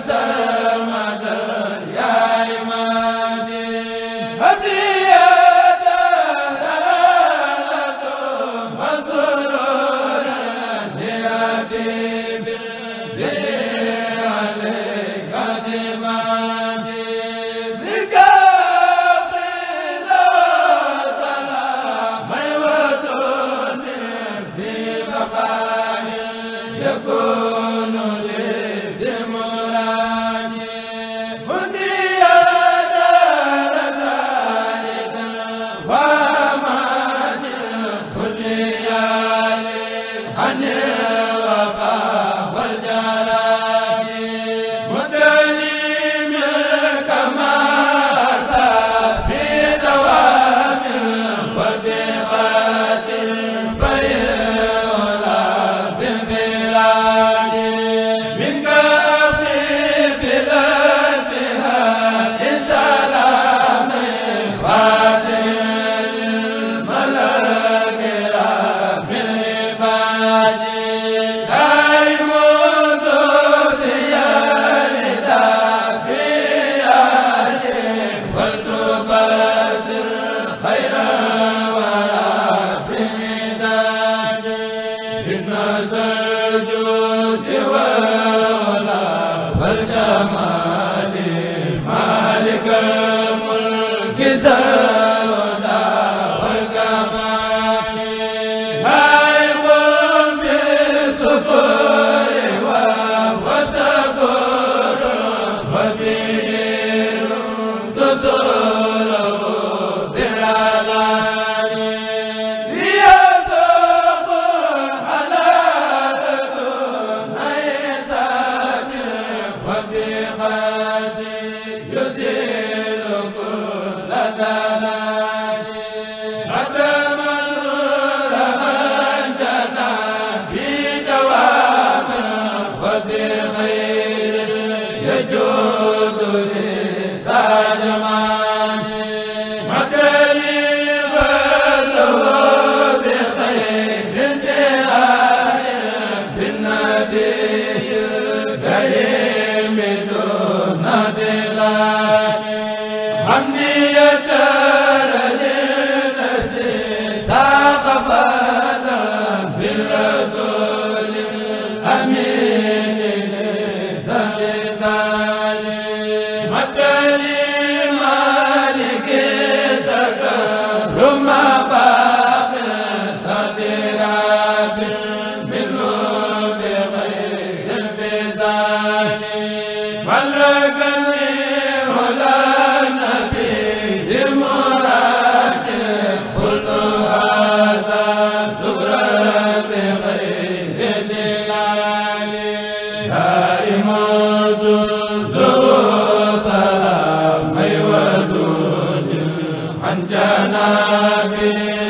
sama xaal yakun جزاء hamdiyata عن جنابه